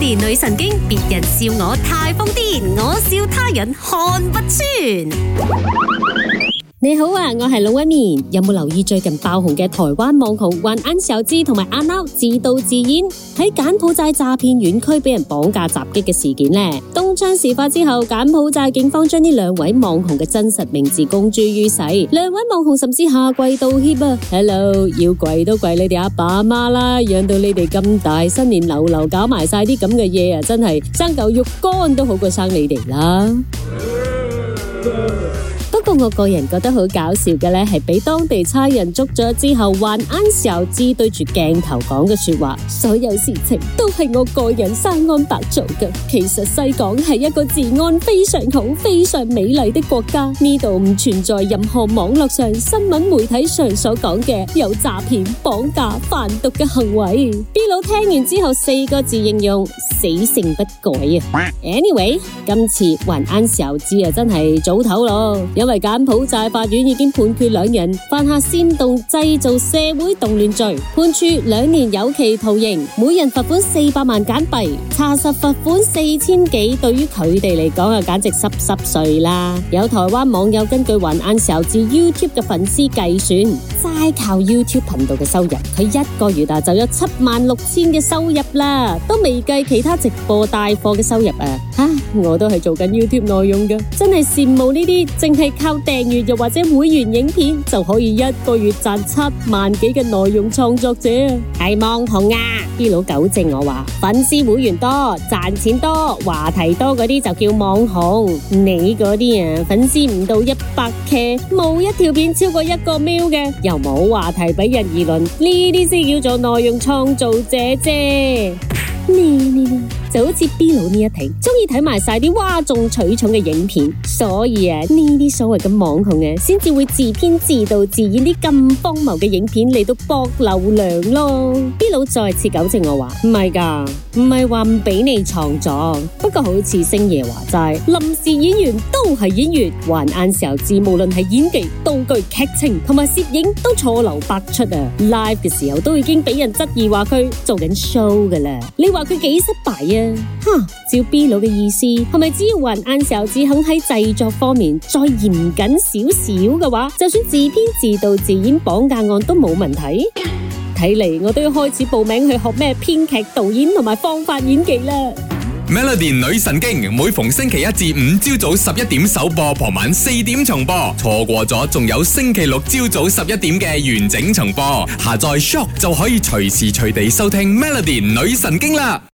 年女神經，別人笑我太瘋癲，我笑他人看不穿。你好啊，我係龍紋敏，有冇留意最近爆紅嘅台灣網紅晚安小雞同埋阿鬧自導自演喺柬埔寨詐騙園區俾人綁架襲擊嘅事件呢？東窗事發之後，柬埔寨警方將呢兩位網紅嘅真實名字公諸於世，兩位網紅甚至下跪道歉啊！Hello，要跪都跪你哋阿爸阿媽啦，養到你哋咁大，新年流流搞埋晒啲咁嘅嘢啊，真係生嚿肉乾都好過生你哋啦。不過我個人覺得好搞笑嘅咧，係俾當地差人捉咗之後，還安少知對住鏡頭講嘅說話，所有事情都係我個人生安白做嘅。其實西港係一個治安非常好、非常美麗的國家，呢度唔存在任何網絡上、新聞媒體上所講嘅有詐騙、綁架、販毒嘅行為。B 佬聽完之後四個字形容：死性不改啊！Anyway，今次還安少知啊真係早唞咯，因為，柬埔寨法院已經判決兩人犯下煽動製造社會動亂罪，判處兩年有期徒刑，每人罰款四百萬柬幣，查實罰款四千幾，對於佢哋嚟講啊，簡直濕濕碎啦！有台灣網友根據晚安小雞 YouTube 嘅粉絲計算，齋靠 YouTube 頻道嘅收入，佢一個月啊就有七萬六千嘅收入啦，都未計其他直播帶貨嘅收入啊！我都係做緊 YouTube 內容噶，真係羨慕呢啲淨係靠訂閱又或者會員影片就可以一個月賺七萬幾嘅內容創作者，係、哎、網紅啊！啲佬糾正我話，粉絲會員多，賺錢多，話題多嗰啲就叫網紅。你嗰啲啊，粉絲唔到一百 K，冇一條片超過一個 mil 嘅，又冇話題俾人議論，呢啲先叫做內容創作者啫。呢呢呢。你你就好似 B 佬呢一挺，中意睇埋晒啲嘩眾取寵嘅影片，所以啊，呢啲所謂嘅網紅啊，先至會自編自導自演啲咁荒謬嘅影片嚟到博流量咯。B 佬再次糾正我話：唔係噶，唔係話唔俾你創作，不過好似星爺話齋，臨時演員都係演員，還晏時候至無論係演技、道具、劇情同埋攝影都錯漏百出啊！live 嘅時候都已經俾人質疑話佢做緊 show 噶啦，你話佢幾失敗啊？照、嗯、B 佬嘅意思，係咪只要雲晏時候只肯喺製作方面再嚴謹少少嘅話，就算自編自導自演綁架案都冇問題？睇嚟，我都要開始報名去學咩編劇、導演同埋方法演技啦。Melody 女神經每逢星期一至五朝早十一點首播，傍晚四點重播，錯過咗仲有星期六朝早十一點嘅完整重播。下載 Shop 就可以隨時隨地收聽 Melody 女神經啦。